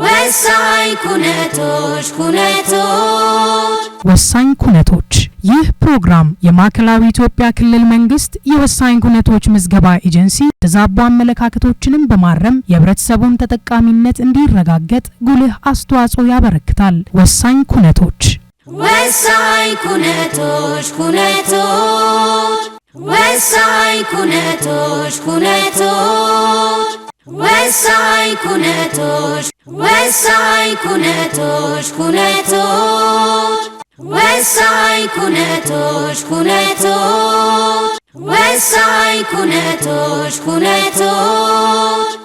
ወሳኝ ኩነቶች ኩነቶች ወሳኝ ኩነቶች ይህ ፕሮግራም የማዕከላዊ ኢትዮጵያ ክልል መንግስት የወሳኝ ኩነቶች ምዝገባ ኤጀንሲ ተዛባ አመለካከቶችንም በማረም የህብረተሰቡን ተጠቃሚነት እንዲረጋገጥ ጉልህ አስተዋጽኦ ያበረክታል። ወሳኝ ኩነቶች ወሳኝ ኩነቶች ኩነቶች ወሳኝ ኩነቶች ኩነቶች ወሳኝ ኩነቶች ወሳኝ ኩነቶች ኩነቶች ወሳኝ ኩነቶች ኩነቶች ወሳኝ ኩነቶች ኩነቶች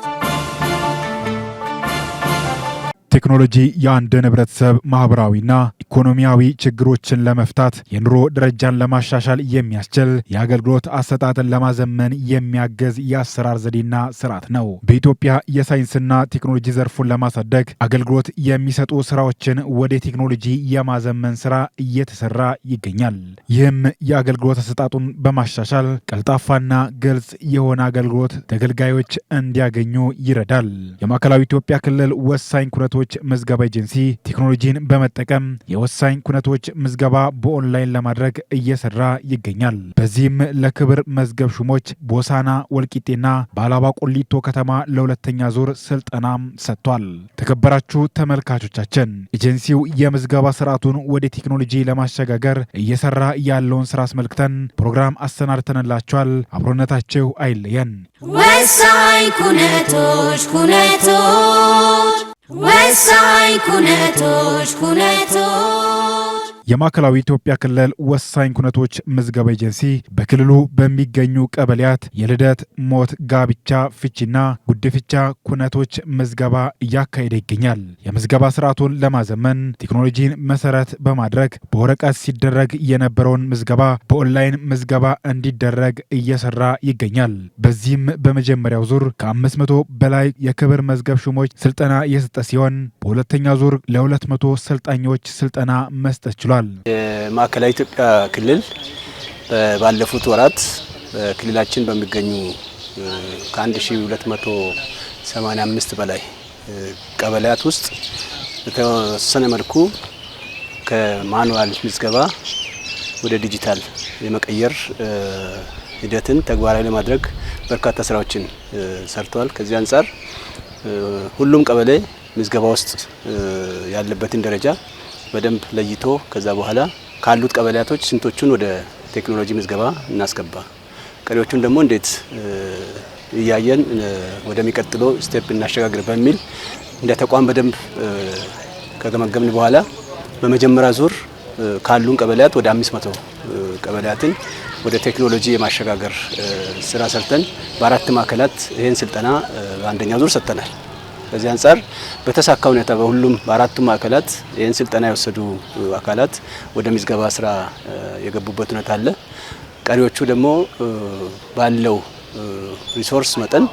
ቴክኖሎጂ የአንድን ህብረተሰብ ማህበራዊና ኢኮኖሚያዊ ችግሮችን ለመፍታት የኑሮ ደረጃን ለማሻሻል የሚያስችል የአገልግሎት አሰጣጥን ለማዘመን የሚያገዝ የአሰራር ዘዴና ስርዓት ነው። በኢትዮጵያ የሳይንስና ቴክኖሎጂ ዘርፉን ለማሳደግ አገልግሎት የሚሰጡ ስራዎችን ወደ ቴክኖሎጂ የማዘመን ስራ እየተሰራ ይገኛል። ይህም የአገልግሎት አሰጣጡን በማሻሻል ቀልጣፋና ግልጽ የሆነ አገልግሎት ተገልጋዮች እንዲያገኙ ይረዳል። የማዕከላዊ ኢትዮጵያ ክልል ወሳኝ ኩነቶች ኩነቶች ምዝገባ ኤጀንሲ ቴክኖሎጂን በመጠቀም የወሳኝ ኩነቶች ምዝገባ በኦንላይን ለማድረግ እየሰራ ይገኛል። በዚህም ለክብር መዝገብ ሹሞች ቦሳና ወልቂጤና በአላባ ቆሊቶ ከተማ ለሁለተኛ ዙር ስልጠናም ሰጥቷል። ተከበራችሁ ተመልካቾቻችን ኤጀንሲው የምዝገባ ስርዓቱን ወደ ቴክኖሎጂ ለማሸጋገር እየሰራ ያለውን ስራ አስመልክተን ፕሮግራም አሰናድተንላችኋል። አብሮነታቸው አይለየን። ወሳኝ ኩነቶች ኩነቶች ወሳኝ ኩነቶች ኩነቶች የማዕከላዊ ኢትዮጵያ ክልል ወሳኝ ኩነቶች ምዝገባ ኤጀንሲ በክልሉ በሚገኙ ቀበሌያት የልደት፣ ሞት፣ ጋብቻ፣ ፍቺና ጉድፍቻ ኩነቶች ምዝገባ እያካሄደ ይገኛል። የምዝገባ ስርዓቱን ለማዘመን ቴክኖሎጂን መሰረት በማድረግ በወረቀት ሲደረግ የነበረውን ምዝገባ በኦንላይን ምዝገባ እንዲደረግ እየሰራ ይገኛል። በዚህም በመጀመሪያው ዙር ከ500 በላይ የክብር መዝገብ ሹሞች ስልጠና የሰጠ ሲሆን በሁለተኛ ዙር ለ200 ሰልጣኞች ስልጠና መስጠት ችሏል። ተናግሯል። የማዕከላዊ ኢትዮጵያ ክልል ባለፉት ወራት በክልላችን በሚገኙ ከ1285 በላይ ቀበሌያት ውስጥ በተወሰነ መልኩ ከማኑዋል ምዝገባ ወደ ዲጂታል የመቀየር ሂደትን ተግባራዊ ለማድረግ በርካታ ስራዎችን ሰርተዋል። ከዚህ አንጻር ሁሉም ቀበሌ ምዝገባ ውስጥ ያለበትን ደረጃ በደንብ ለይቶ ከዛ በኋላ ካሉት ቀበሌያቶች ስንቶቹን ወደ ቴክኖሎጂ ምዝገባ እናስገባ፣ ቀሪዎቹን ደግሞ እንዴት እያየን ወደሚቀጥለው ስቴፕ እናሸጋግር በሚል እንደ ተቋም በደንብ ከገመገምን በኋላ በመጀመሪያ ዙር ካሉን ቀበሌያት ወደ 500 ቀበሌያትን ወደ ቴክኖሎጂ የማሸጋገር ስራ ሰርተን በአራት ማዕከላት ይህን ስልጠና በአንደኛ ዙር ሰጥተናል። ከዚህ አንጻር በተሳካ ሁኔታ በሁሉም በአራቱ ማዕከላት ይህን ስልጠና የወሰዱ አካላት ወደ ምዝገባ ስራ የገቡበት ሁኔታ አለ። ቀሪዎቹ ደግሞ ባለው ሪሶርስ መጠን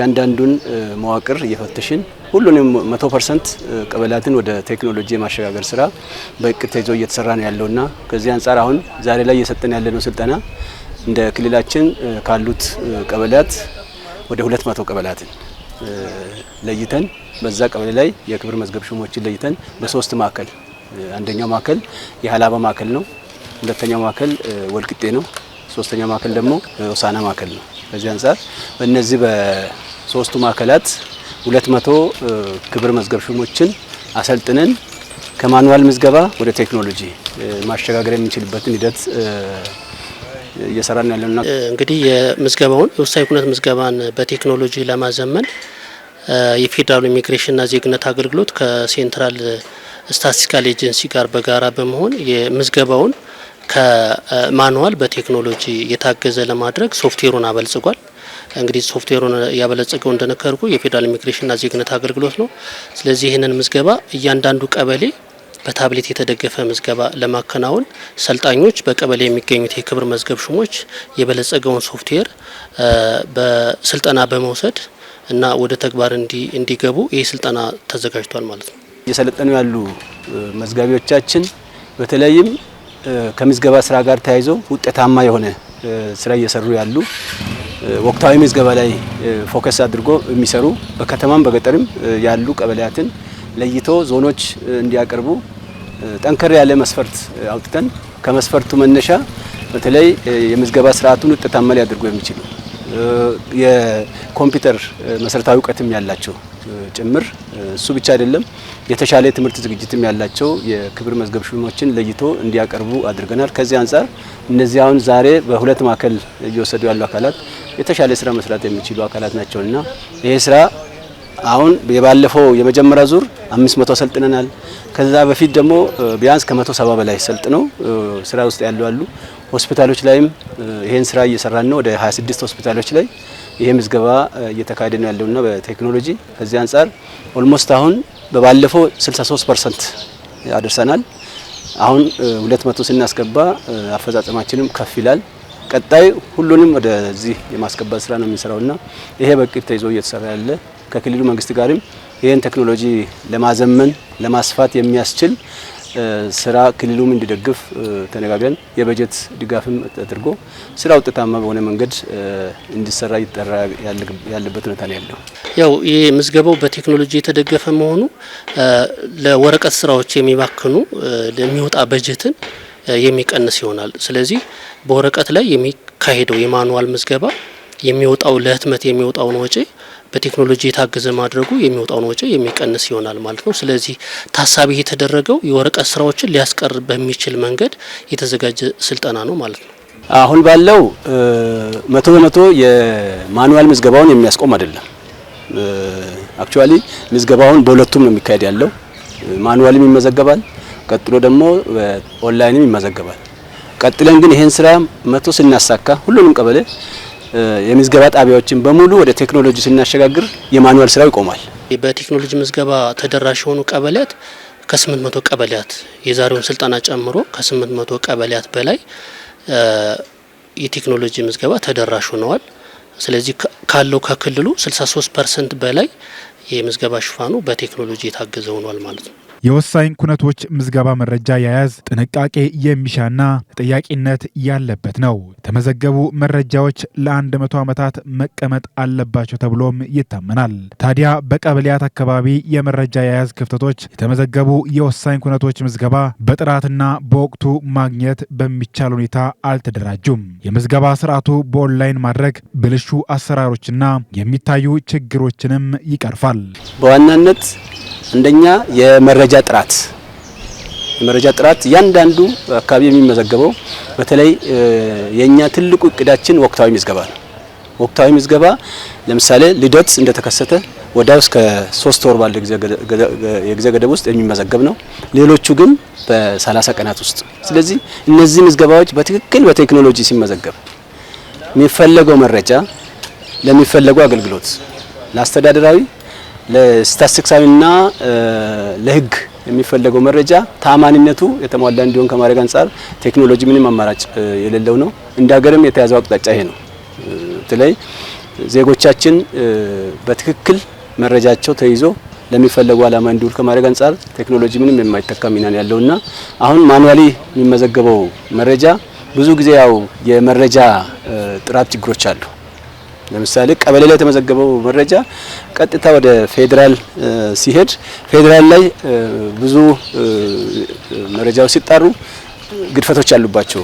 ያንዳንዱን መዋቅር እየፈተሽን ሁሉንም መቶ ፐርሰንት ቀበሌያትን ወደ ቴክኖሎጂ የማሸጋገር ስራ በእቅድ ተይዞ እየተሰራ ነው ያለውና ከዚህ አንጻር አሁን ዛሬ ላይ እየሰጠን ያለነው ስልጠና እንደ ክልላችን ካሉት ቀበላት ወደ ሁለት መቶ ቀበላትን ለይተን በዛ ቀበሌ ላይ የክብር መዝገብ ሹሞችን ለይተን በሶስት ማዕከል አንደኛው ማዕከል የሀላባ ማዕከል ነው። ሁለተኛው ማዕከል ወልቅጤ ነው። ሶስተኛው ማዕከል ደግሞ ሆሳዕና ማዕከል ነው። በዚህ አንጻር በእነዚህ በሶስቱ ማዕከላት ሁለት መቶ ክብር መዝገብ ሹሞችን አሰልጥነን ከማኑዋል ምዝገባ ወደ ቴክኖሎጂ ማሸጋገር የምንችልበትን ሂደት እየሰራን ያለንና እንግዲህ የምዝገባውን የወሳኝ ኩነት ምዝገባን በቴክኖሎጂ ለማዘመን የፌዴራል ኢሚግሬሽንና ዜግነት አገልግሎት ከሴንትራል ስታቲስቲካል ኤጀንሲ ጋር በጋራ በመሆን የምዝገባውን ከማኑዋል በቴክኖሎጂ የታገዘ ለማድረግ ሶፍትዌሩን አበልጽጓል። እንግዲህ ሶፍትዌሩን ያበለጸገው እንደነከርኩ የፌዴራል ኢሚግሬሽንና ዜግነት አገልግሎት ነው። ስለዚህ ይህንን ምዝገባ እያንዳንዱ ቀበሌ በታብሌት የተደገፈ ምዝገባ ለማከናወን ሰልጣኞች በቀበሌ የሚገኙት የክብር መዝገብ ሹሞች የበለጸገውን ሶፍትዌር በስልጠና በመውሰድ እና ወደ ተግባር እንዲገቡ ይህ ስልጠና ተዘጋጅቷል ማለት ነው። እየሰለጠኑ ያሉ መዝጋቢዎቻችን በተለይም ከምዝገባ ስራ ጋር ተያይዞ ውጤታማ የሆነ ስራ እየሰሩ ያሉ ወቅታዊ ምዝገባ ላይ ፎከስ አድርጎ የሚሰሩ በከተማም በገጠርም ያሉ ቀበሌያትን ለይቶ ዞኖች እንዲያቀርቡ ጠንከር ያለ መስፈርት አውጥተን ከመስፈርቱ መነሻ በተለይ የምዝገባ ስርዓቱን ውጤታማ ሊያደርጉ የሚችሉ የኮምፒውተር መሰረታዊ እውቀትም ያላቸው ጭምር እሱ ብቻ አይደለም፣ የተሻለ የትምህርት ዝግጅትም ያላቸው የክብር መዝገብ ሹሞችን ለይቶ እንዲያቀርቡ አድርገናል። ከዚህ አንጻር እነዚህ አሁን ዛሬ በሁለት ማዕከል እየወሰዱ ያሉ አካላት የተሻለ ስራ መስራት የሚችሉ አካላት ናቸውና ይሄ ስራ አሁን የባለፈው የመጀመሪያ ዙር 500 ሰልጥነናል። ከዛ በፊት ደግሞ ቢያንስ ከ170 በላይ ሰልጥነው ስራ ውስጥ ያሉ አሉ። ሆስፒታሎች ላይም ይሄን ስራ እየሰራን ነው። ወደ 26 ሆስፒታሎች ላይ ይሄ ምዝገባ እየተካሄደ ነው ያለውና በቴክኖሎጂ ከዚህ አንጻር ኦልሞስት አሁን በባለፈው 63% አድርሰናል። አሁን 200 ስናስገባ አፈጻጸማችንም ከፍ ይላል። ቀጣይ ሁሉንም ወደዚህ የማስገባት ስራ ነው የሚሰራውና ይሄ በቅድ ተይዞ እየተሰራ ያለ ከክልሉ መንግስት ጋርም ይህን ቴክኖሎጂ ለማዘመን ለማስፋት የሚያስችል ስራ ክልሉም እንዲደግፍ ተነጋግረን የበጀት ድጋፍም አድርጎ ስራ ውጤታማ በሆነ መንገድ እንዲሰራ ይጠራ ያለበት ሁኔታ ነው ያለው። ያው ይህ ምዝገባው በቴክኖሎጂ የተደገፈ መሆኑ ለወረቀት ስራዎች የሚባክኑ ለሚወጣ በጀትን የሚቀንስ ይሆናል። ስለዚህ በወረቀት ላይ የሚካሄደው የማኑዋል ምዝገባ የሚወጣው ለህትመት የሚወጣውን ወጪ በቴክኖሎጂ የታገዘ ማድረጉ የሚወጣውን ወጪ የሚቀንስ ይሆናል ማለት ነው። ስለዚህ ታሳቢ የተደረገው የወረቀት ስራዎችን ሊያስቀር በሚችል መንገድ የተዘጋጀ ስልጠና ነው ማለት ነው። አሁን ባለው መቶ በመቶ የማኑዋል ምዝገባውን የሚያስቆም አይደለም። አክቹዋሊ ምዝገባውን በሁለቱም ነው የሚካሄድ ያለው። ማኑዋልም ይመዘገባል፣ ቀጥሎ ደግሞ ኦንላይንም ይመዘገባል። ቀጥለን ግን ይሄን ስራ መቶ ስናሳካ ሁሉንም ቀበሌ የምዝገባ ጣቢያዎችን በሙሉ ወደ ቴክኖሎጂ ስናሸጋግር የማኑዋል ስራው ይቆማል። በቴክኖሎጂ ምዝገባ ተደራሽ የሆኑ ቀበሌያት ከ800 ቀበሌያት የዛሬውን ስልጠና ጨምሮ ከ800 ቀበሌያት በላይ የቴክኖሎጂ ምዝገባ ተደራሽ ሆነዋል። ስለዚህ ካለው ከክልሉ 63 ፐርሰንት በላይ የምዝገባ ሽፋኑ በቴክኖሎጂ የታገዘ ሆኗል ማለት ነው። የወሳኝ ኩነቶች ምዝገባ መረጃ የያዝ ጥንቃቄ የሚሻና ተጠያቂነት ያለበት ነው። የተመዘገቡ መረጃዎች ለአንድ መቶ ዓመታት መቀመጥ አለባቸው ተብሎም ይታመናል። ታዲያ በቀበሌያት አካባቢ የመረጃ የያዝ ክፍተቶች የተመዘገቡ የወሳኝ ኩነቶች ምዝገባ በጥራትና በወቅቱ ማግኘት በሚቻል ሁኔታ አልተደራጁም። የምዝገባ ስርዓቱ በኦንላይን ማድረግ ብልሹ አሰራሮችና የሚታዩ ችግሮችንም ይቀርፋል። በዋናነት አንደኛ የመረጃ ጥራት የመረጃ ጥራት እያንዳንዱ አካባቢ የሚመዘገበው በተለይ የኛ ትልቁ እቅዳችን ወቅታዊ ምዝገባ ነው። ወቅታዊ ምዝገባ ለምሳሌ ልደት እንደተከሰተ ወዲያው እስከ ሶስት ወር ባለ የጊዜ ገደብ ውስጥ የሚመዘገብ ነው። ሌሎቹ ግን በሰላሳ ቀናት ውስጥ። ስለዚህ እነዚህ ምዝገባዎች በትክክል በቴክኖሎጂ ሲመዘገብ የሚፈለገው መረጃ ለሚፈለገው አገልግሎት ለአስተዳደራዊ ለስታስቲክሳዊና ለህግ የሚፈለገው መረጃ ታማኒነቱ የተሟላ እንዲሆን ከማድረግ አንጻር ቴክኖሎጂ ምንም አማራጭ የሌለው ነው። እንደ ሀገርም የተያዘው አቅጣጫ ይሄ ነው። በተለይ ዜጎቻችን በትክክል መረጃቸው ተይዞ ለሚፈለጉ ዓላማ እንዲውል ከማድረግ አንጻር ቴክኖሎጂ ምንም የማይተካ ሚና ያለውና አሁን ማኑዋሊ የሚመዘገበው መረጃ ብዙ ጊዜ ያው የመረጃ ጥራት ችግሮች አሉ። ለምሳሌ ቀበሌ ላይ የተመዘገበው መረጃ ቀጥታ ወደ ፌዴራል ሲሄድ ፌዴራል ላይ ብዙ መረጃዎች ሲጣሩ ግድፈቶች ያሉባቸው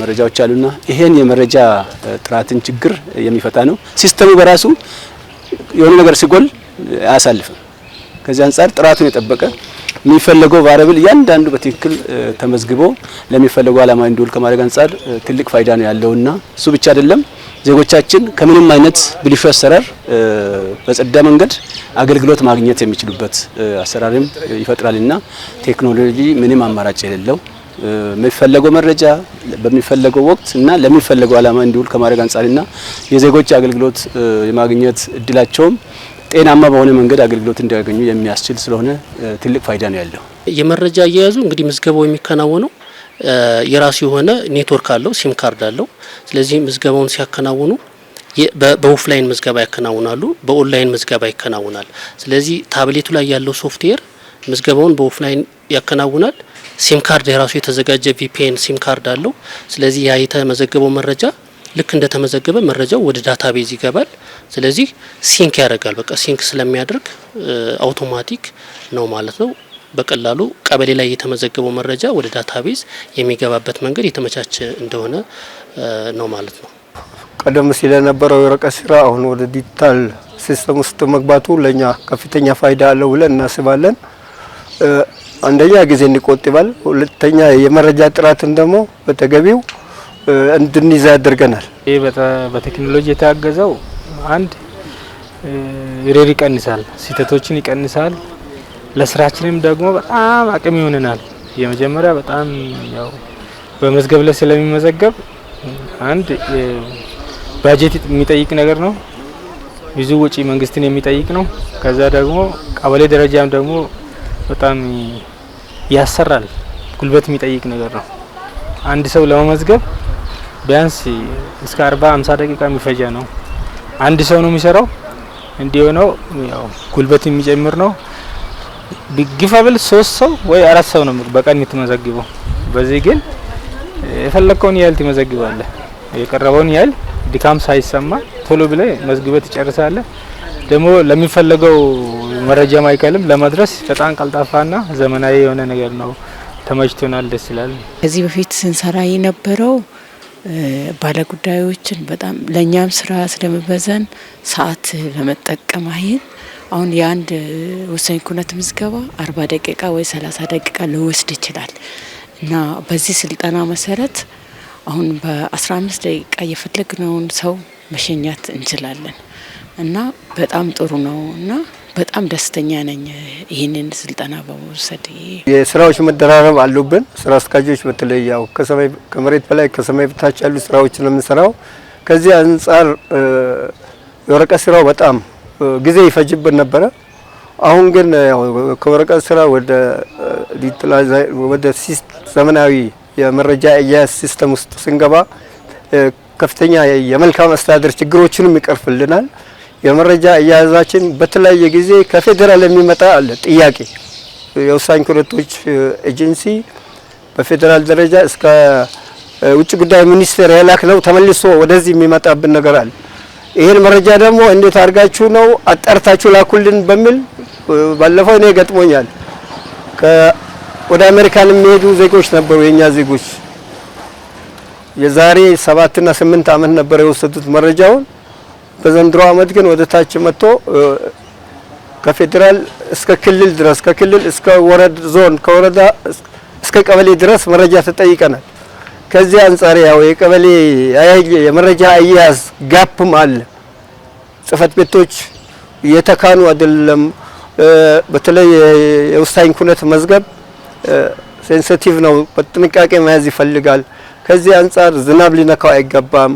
መረጃዎች አሉና ይሄን የመረጃ ጥራትን ችግር የሚፈታ ነው። ሲስተሙ በራሱ የሆነ ነገር ሲጎል አያሳልፍም። ከዚህ አንጻር ጥራቱን የጠበቀ የሚፈለገው ቫሪያብል እያንዳንዱ በትክክል ተመዝግቦ ለሚፈለገው ዓላማ እንዲውል ከማድረግ አንጻር ትልቅ ፋይዳ ነው ያለውና እሱ ብቻ አይደለም። ዜጎቻችን ከምንም አይነት ብልሹ አሰራር በጸዳ መንገድ አገልግሎት ማግኘት የሚችሉበት አሰራርም ይፈጥራልና ቴክኖሎጂ ምንም አማራጭ የሌለው የሚፈለገው መረጃ በሚፈለገው ወቅት እና ለሚፈለገው ዓላማ እንዲውል ከማድረግ አንጻርና የዜጎች አገልግሎት የማግኘት እድላቸውም ጤናማ በሆነ መንገድ አገልግሎት እንዲያገኙ የሚያስችል ስለሆነ ትልቅ ፋይዳ ነው ያለው። የመረጃ አያያዙ እንግዲህ ምዝገባው የሚከናወነው የራሱ የሆነ ኔትወርክ አለው፣ ሲም ካርድ አለው። ስለዚህ ምዝገባውን ሲያከናውኑ በኦፍላይን ምዝገባ ያከናውናሉ፣ በኦንላይን ምዝገባ ይከናውናል። ስለዚህ ታብሌቱ ላይ ያለው ሶፍትዌር ምዝገባውን በኦፍላይን ያከናውናል። ሲም ካርድ የራሱ የተዘጋጀ ቪፒኤን ሲም ካርድ አለው። ስለዚህ ያ የተመዘገበው መረጃ ልክ እንደተመዘገበ መረጃው ወደ ዳታቤዝ ይገባል። ስለዚህ ሲንክ ያደርጋል። በቃ ሲንክ ስለሚያደርግ አውቶማቲክ ነው ማለት ነው። በቀላሉ ቀበሌ ላይ የተመዘገበው መረጃ ወደ ዳታቤዝ የሚገባበት መንገድ የተመቻቸ እንደሆነ ነው ማለት ነው። ቀደም ሲል የነበረው የወረቀት ስራ አሁን ወደ ዲጂታል ሲስተም ውስጥ መግባቱ ለእኛ ከፍተኛ ፋይዳ አለው ብለን እናስባለን። አንደኛ ጊዜን ይቆጥባል፣ ሁለተኛ የመረጃ ጥራትን ደግሞ በተገቢው እንድንይዘ ያደርገናል። ይህ በቴክኖሎጂ የታገዘው አንድ ሬር ይቀንሳል፣ ስህተቶችን ይቀንሳል። ለስራችንም ደግሞ በጣም አቅም ይሆነናል። የመጀመሪያ በጣም ያው በመዝገብ ላይ ስለሚመዘገብ አንድ ባጀት የሚጠይቅ ነገር ነው። ብዙ ወጪ መንግስትን የሚጠይቅ ነው። ከዛ ደግሞ ቀበሌ ደረጃም ደግሞ በጣም ያሰራል፣ ጉልበት የሚጠይቅ ነገር ነው። አንድ ሰው ለመመዝገብ ቢያንስ እስከ 40 50 ደቂቃ የሚፈጃ ነው። አንድ ሰው ነው የሚሰራው። እንዲሆነው ያው ጉልበት የሚጨምር ነው። ቢግፋብል ሶስት ሰው ወይ አራት ሰው ነው በቀን የምትመዘግበው። በዚህ ግን የፈለከውን ያህል ትመዘግባለህ። የቀረበውን ያህል ድካም ሳይሰማ ቶሎ ብለህ መዝግበህ ትጨርሳለህ። ደግሞ ለሚፈለገው መረጃ ማዕከልም ለመድረስ በጣም ቀልጣፋና ዘመናዊ የሆነ ነገር ነው። ተመችቶናል። ደስ ይላል። ከዚህ በፊት ስንሰራ የነበረው ባለጉዳዮችን በጣም ለእኛም ስራ ስለመበዘን ሰዓት ለመጠቀም አይን አሁን የአንድ ወሳኝ ኩነት ምዝገባ አርባ ደቂቃ ወይ ሰላሳ ደቂቃ ልወስድ ይችላል እና በዚህ ስልጠና መሰረት አሁን በአስራ አምስት ደቂቃ የፈለግነውን ሰው መሸኛት እንችላለን። እና በጣም ጥሩ ነው እና በጣም ደስተኛ ነኝ ይህንን ስልጠና በመውሰድ። የስራዎች መደራረብ አሉብን። ስራ አስኪያጆች በተለይ ያው ከሰማይ ከመሬት በላይ ከሰማይ በታች ያሉ ነው የምንሰራው ከዚህ አንጻር የወረቀት ስራው በጣም ጊዜ ይፈጅብን ነበረ። አሁን ግን ከወረቀት ስራ ወደ ወደ ዘመናዊ የመረጃ አያያዝ ሲስተም ውስጥ ስንገባ ከፍተኛ የመልካም አስተዳደር ችግሮችንም ይቀርፍልናል። የመረጃ አያያዛችን በተለያየ ጊዜ ከፌዴራል የሚመጣ አለ ጥያቄ። የውሳኝ ክህሎቶች ኤጀንሲ በፌዴራል ደረጃ እስከ ውጭ ጉዳይ ሚኒስቴር የላክ ነው ተመልሶ ወደዚህ የሚመጣብን ነገር አለ። ይህን መረጃ ደግሞ እንዴት አድርጋችሁ ነው አጣርታችሁ ላኩልን በሚል ባለፈው እኔ ገጥሞኛል። ወደ አሜሪካን የሚሄዱ ዜጎች ነበሩ የእኛ ዜጎች የዛሬ ሰባትና ስምንት ዓመት ነበር የወሰዱት መረጃውን በዘንድሮ አመት ግን ወደ ታች መጥቶ ከፌዴራል እስከ ክልል ድረስ ከክልል እስከ ወረድ ዞን ከወረዳ እስከ ቀበሌ ድረስ መረጃ ተጠይቀናል። ከዚህ አንጻር ያው የቀበሌ የመረጃ አያያዝ ጋፕም አለ። ጽህፈት ቤቶች የተካኑ አይደለም። በተለይ የውሳኝ ኩነት መዝገብ ሴንሲቲቭ ነው፣ በጥንቃቄ መያዝ ይፈልጋል። ከዚህ አንጻር ዝናብ ሊነካው አይገባም።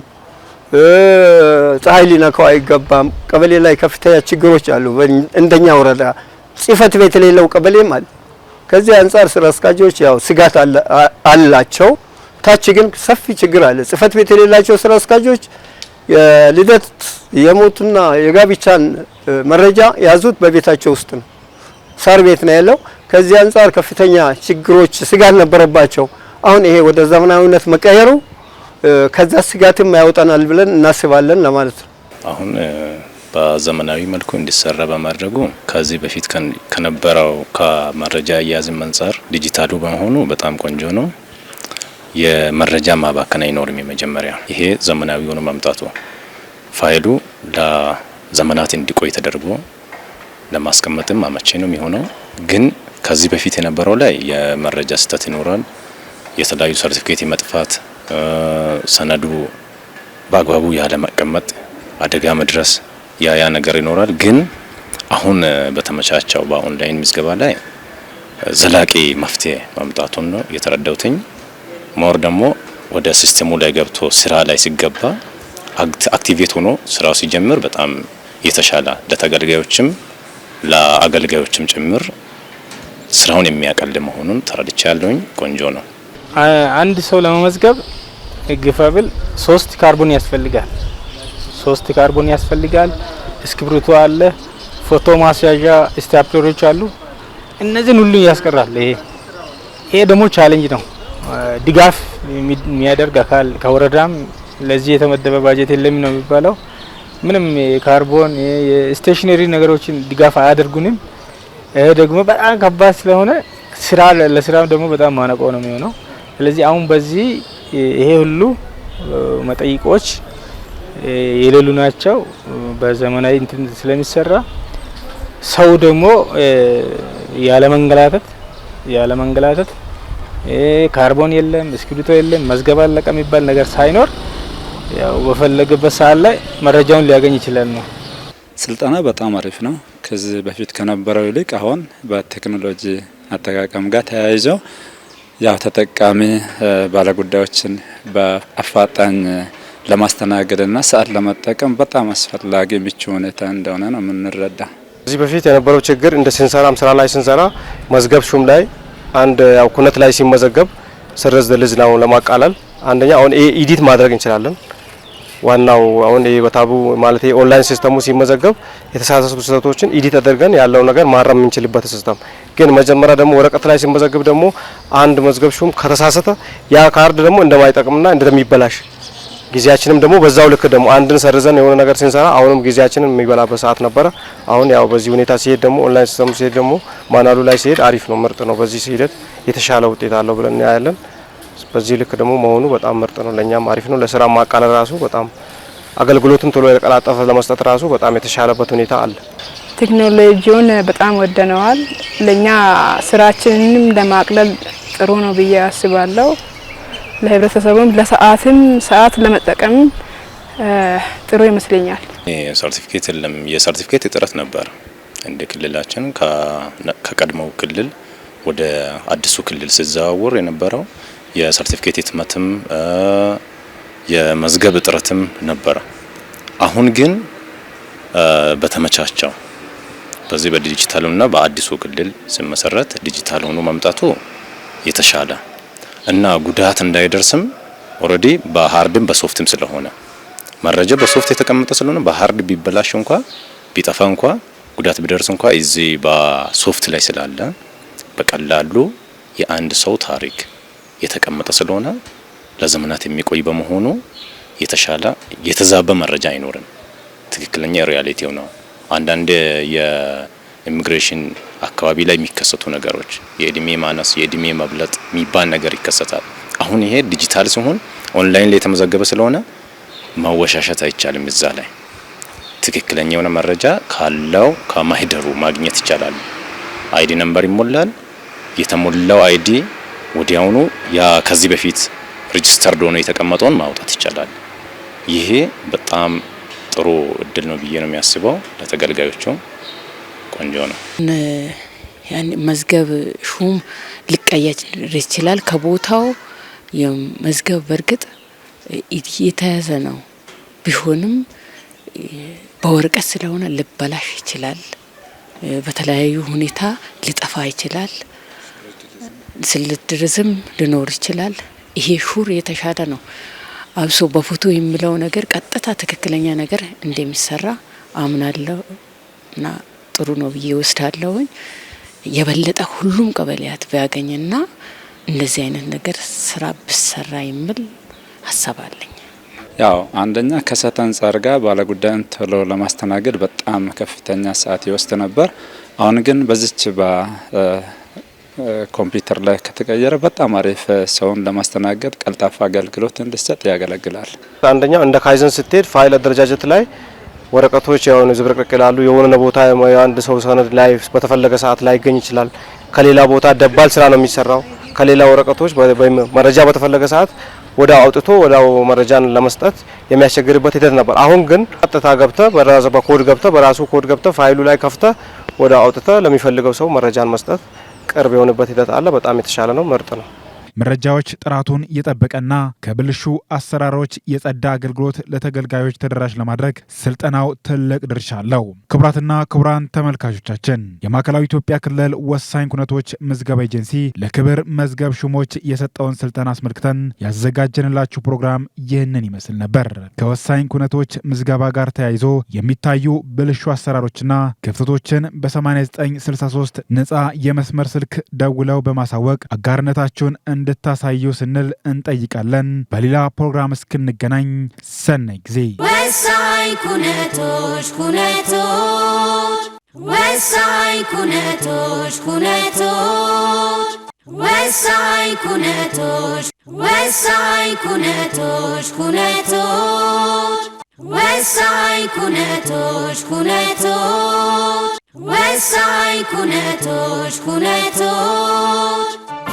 ፀሐይ ሊነካው አይገባም። ቀበሌ ላይ ከፍተኛ ችግሮች አሉ። እንደኛ ወረዳ ጽህፈት ቤት የሌለው ቀበሌም ማለት ከዚህ አንጻር ስራ አስኪያጆች ያው ስጋት አላቸው። ታች ግን ሰፊ ችግር አለ። ጽህፈት ቤት የሌላቸው ስራ አስኪያጆች የልደት የሞትና የጋብቻን መረጃ ያዙት በቤታቸው ውስጥ ነው፣ ሳር ቤት ነው ያለው። ከዚህ አንጻር ከፍተኛ ችግሮች ስጋት ነበረባቸው። አሁን ይሄ ወደ ዘመናዊነት መቀየሩ ከዛ ስጋትም ያወጣናል ብለን እናስባለን ለማለት ነው። አሁን በዘመናዊ መልኩ እንዲሰራ በማድረጉ ከዚህ በፊት ከነበረው ከመረጃ አያያዝም አንጻር ዲጂታሉ በመሆኑ በጣም ቆንጆ ነው። የመረጃ ማባከን አይኖርም። የመጀመሪያ ይሄ ዘመናዊ ሆኖ መምጣቱ ፋይሉ ለዘመናት እንዲቆይ ተደርጎ ለማስቀመጥም አመቼ ነው የሚሆነው። ግን ከዚህ በፊት የነበረው ላይ የመረጃ ስህተት ይኖራል። የተለያዩ ሰርቲፊኬት የመጥፋት ሰነዱ በአግባቡ ያለመቀመጥ አደጋ መድረስ ያ ያ ነገር ይኖራል። ግን አሁን በተመቻቸው በኦንላይን ምዝገባ ላይ ዘላቂ መፍትሄ ማምጣቱን ነው የተረዳውትኝ። ሞር ደግሞ ወደ ሲስተሙ ላይ ገብቶ ስራ ላይ ሲገባ አክቲቬት ሆኖ ስራው ሲጀምር በጣም የተሻለ ለተገልጋዮችም ለአገልጋዮችም ጭምር ስራውን የሚያቀል መሆኑን ተረድቻለሁኝ። ቆንጆ ነው። አንድ ሰው ለመመዝገብ ግፈብል ሶስት ካርቦን ያስፈልጋል። ሶስት ካርቦን ያስፈልጋል። እስክሪብቶ አለ፣ ፎቶ ማስያዣ ስታፕለሮች አሉ። እነዚህን ሁሉ ያስቀራል። ይሄ ይሄ ደግሞ ቻሌንጅ ነው። ድጋፍ የሚያደርግ አካል ከወረዳም ለዚህ የተመደበ ባጀት የለም ነው የሚባለው። ምንም የካርቦን የስቴሽነሪ ነገሮችን ድጋፍ አያደርጉንም። ይሄ ደግሞ በጣም ከባድ ስለሆነ ስራ ለስራ ደግሞ በጣም ማነቆ ነው የሚሆነው። ስለዚህ አሁን በዚህ ይሄ ሁሉ መጠይቆች የሌሉ ናቸው። በዘመናዊ እንትን ስለሚሰራ ሰው ደግሞ ያለመንገላታት ያለመንገላታት ካርቦን የለም እስክሪብቶ የለም መዝገብ አለቃ የሚባል ነገር ሳይኖር ያው በፈለገበት ሰዓት ላይ መረጃውን ሊያገኝ ይችላል ነው። ስልጠና በጣም አሪፍ ነው። ከዚህ በፊት ከነበረው ይልቅ አሁን በቴክኖሎጂ አጠቃቀም ጋር ተያይዘው ያው ተጠቃሚ ባለጉዳዮችን በአፋጣኝ ለማስተናገድና ሰዓት ለመጠቀም በጣም አስፈላጊ ምቹ ሁኔታ እንደሆነ ነው የምንረዳ። ከዚህ በፊት የነበረው ችግር እንደ ስንሰራም ስራ ላይ ስንሰራ መዝገብ ሹም ላይ አንድ ያው ኩነት ላይ ሲመዘገብ ስረዝ ልዝ ነው ለማቃለል አንደኛ አሁን ኢዲት ማድረግ እንችላለን። ዋናው አሁን የበታቡ ማለት የኦንላይን ሲስተሙ ሲመዘገብ የተሳሳቱ ስህተቶችን ኢዲት አድርገን ያለው ነገር ማረም የምንችልበት ሲስተም ግን መጀመሪያ ደግሞ ወረቀት ላይ ሲመዘግብ ደግሞ አንድ መዝገብ ሹም ከተሳሳተ ያ ካርድ ደግሞ እንደማይጠቅምና እንደሚበላሽ ጊዜያችንም ደግሞ በዛው ልክ ደግሞ አንድን ሰርዘን የሆነ ነገር ስንሰራ አሁንም ጊዜያችንን የሚበላበት ሰዓት ነበረ። አሁን ያው በዚህ ሁኔታ ሲሄድ ደግሞ ኦንላይን ሲስተሙ ሲሄድ ደግሞ ማናሉ ላይ ሲሄድ አሪፍ ነው፣ ምርጥ ነው። በዚህ ሂደት የተሻለ ውጤት አለው ብለን እናያለን። በዚህ ልክ ደግሞ መሆኑ በጣም ምርጥ ነው፣ ለእኛም አሪፍ ነው። ለስራ ማቃለል ራሱ በጣም አገልግሎትን ቶሎ የተቀላጠፈ ለመስጠት ራሱ በጣም የተሻለበት ሁኔታ አለ። ቴክኖሎጂውን በጣም ወደነዋል። ለእኛ ስራችንንም ለማቅለል ጥሩ ነው ብዬ አስባለሁ። ለህብረተሰቡም ለሰዓትም ሰዓት ለመጠቀም ጥሩ ይመስለኛል። ሰርቲፊኬት የለም። የሰርቲፊኬት እጥረት ነበር እንደ ክልላችን ከቀድሞው ክልል ወደ አዲሱ ክልል ሲዘዋወር የነበረው የሰርቲፊኬት ህትመትም የመዝገብ እጥረትም ነበረ። አሁን ግን በተመቻቸው በዚህ በዲጂታሉና በአዲሱ ክልል ሲመሰረት ዲጂታል ሆኖ መምጣቱ የተሻለ እና ጉዳት እንዳይደርስም ኦልሬዲ በሀርድም በሶፍትም ስለሆነ መረጃ በሶፍት የተቀመጠ ስለሆነ በሀርድ ቢበላሽ እንኳ ቢጠፋ እንኳ ጉዳት ቢደርስ እንኳ እዚህ በሶፍት ላይ ስላለ በቀላሉ የአንድ ሰው ታሪክ የተቀመጠ ስለሆነ ለዘመናት የሚቆይ በመሆኑ የተሻለ የተዛበ መረጃ አይኖርም። ትክክለኛ ሪያሊቲው ነው። አንዳንድ የኢሚግሬሽን አካባቢ ላይ የሚከሰቱ ነገሮች የእድሜ ማነስ፣ የእድሜ መብለጥ የሚባል ነገር ይከሰታል። አሁን ይሄ ዲጂታል ሲሆን ኦንላይን ላይ የተመዘገበ ስለሆነ ማወሻሻት አይቻልም። እዛ ላይ ትክክለኛ የሆነ መረጃ ካለው ከማህደሩ ማግኘት ይቻላል። አይዲ ነምበር ይሞላል። የተሞላው አይዲ ወዲያውኑ ያ ከዚህ በፊት ሬጅስተርድ ሆኖ የተቀመጠውን ማውጣት ይቻላል። ይሄ በጣም ጥሩ እድል ነው ብዬ ነው የሚያስበው። ለተገልጋዮቹ ቆንጆ ነው። መዝገብ ሹም ሊቀየር ይችላል ከቦታው የመዝገብ በእርግጥ የተያዘ ነው ቢሆንም በወረቀት ስለሆነ ልበላሽ ይችላል። በተለያዩ ሁኔታ ሊጠፋ ይችላል። ስልድርዝም ልኖር ይችላል። ይሄ ሹር የተሻለ ነው። አብሶ በፎቶ የሚለው ነገር ቀጥታ ትክክለኛ ነገር እንደሚሰራ አምናለሁ እና ጥሩ ነው ብዬ ወስዳለሁኝ። የበለጠ ሁሉም ቀበሌያት ቢያገኝና እንደዚህ አይነት ነገር ስራ ብሰራ የሚል ሀሳብ አለኝ። ያው አንደኛ ከሰዓት አንጻር ጋር ባለጉዳይን ቶሎ ለማስተናገድ በጣም ከፍተኛ ሰዓት ይወስድ ነበር። አሁን ግን በዚች ኮምፒውተር ላይ ከተቀየረ በጣም አሪፍ ሰውን ለማስተናገድ ቀልጣፋ አገልግሎት እንዲሰጥ ያገለግላል። አንደኛው እንደ ካይዘን ስትሄድ ፋይል አደረጃጀት ላይ ወረቀቶች የሆኑ ዝብርቅርቅ ይላሉ። የሆነ ቦታ የአንድ ሰው ሰነድ ላይ በተፈለገ ሰዓት ላይ ይገኝ ይችላል። ከሌላ ቦታ ደባል ስራ ነው የሚሰራው። ከሌላ ወረቀቶች መረጃ በተፈለገ ሰዓት ወደ አውጥቶ ወደ መረጃን ለመስጠት የሚያስቸግርበት ሂደት ነበር። አሁን ግን ቀጥታ ገብተ በራሱ በኮድ ገብተ በራሱ ኮድ ገብተ ፋይሉ ላይ ከፍተ ወደ አውጥተ ለሚፈልገው ሰው መረጃን መስጠት ቅርብ የሆነበት ሂደት አለ። በጣም የተሻለ ነው፣ ምርጥ ነው። መረጃዎች ጥራቱን የጠበቀና ከብልሹ አሰራሮች የጸዳ አገልግሎት ለተገልጋዮች ተደራሽ ለማድረግ ስልጠናው ትልቅ ድርሻ አለው። ክቡራትና ክቡራን ተመልካቾቻችን የማዕከላዊ ኢትዮጵያ ክልል ወሳኝ ኩነቶች ምዝገባ ኤጀንሲ ለክብር መዝገብ ሹሞች የሰጠውን ስልጠና አስመልክተን ያዘጋጀንላችሁ ፕሮግራም ይህንን ይመስል ነበር። ከወሳኝ ኩነቶች ምዝገባ ጋር ተያይዞ የሚታዩ ብልሹ አሰራሮችና ክፍተቶችን በ8963 ነፃ የመስመር ስልክ ደውለው በማሳወቅ አጋርነታችሁን እን እንድታሳየው ስንል እንጠይቃለን። በሌላ ፕሮግራም እስክንገናኝ ሰናይ ጊዜ። ወሳኝ ኩነቶች ኩነቶች ወሳኝ ኩነቶች ኩነቶች ወሳኝ ኩነቶች ወሳኝ ኩነቶች ኩነቶች ወሳኝ ኩነቶች ኩነቶች ወሳኝ ኩነቶች ኩነቶች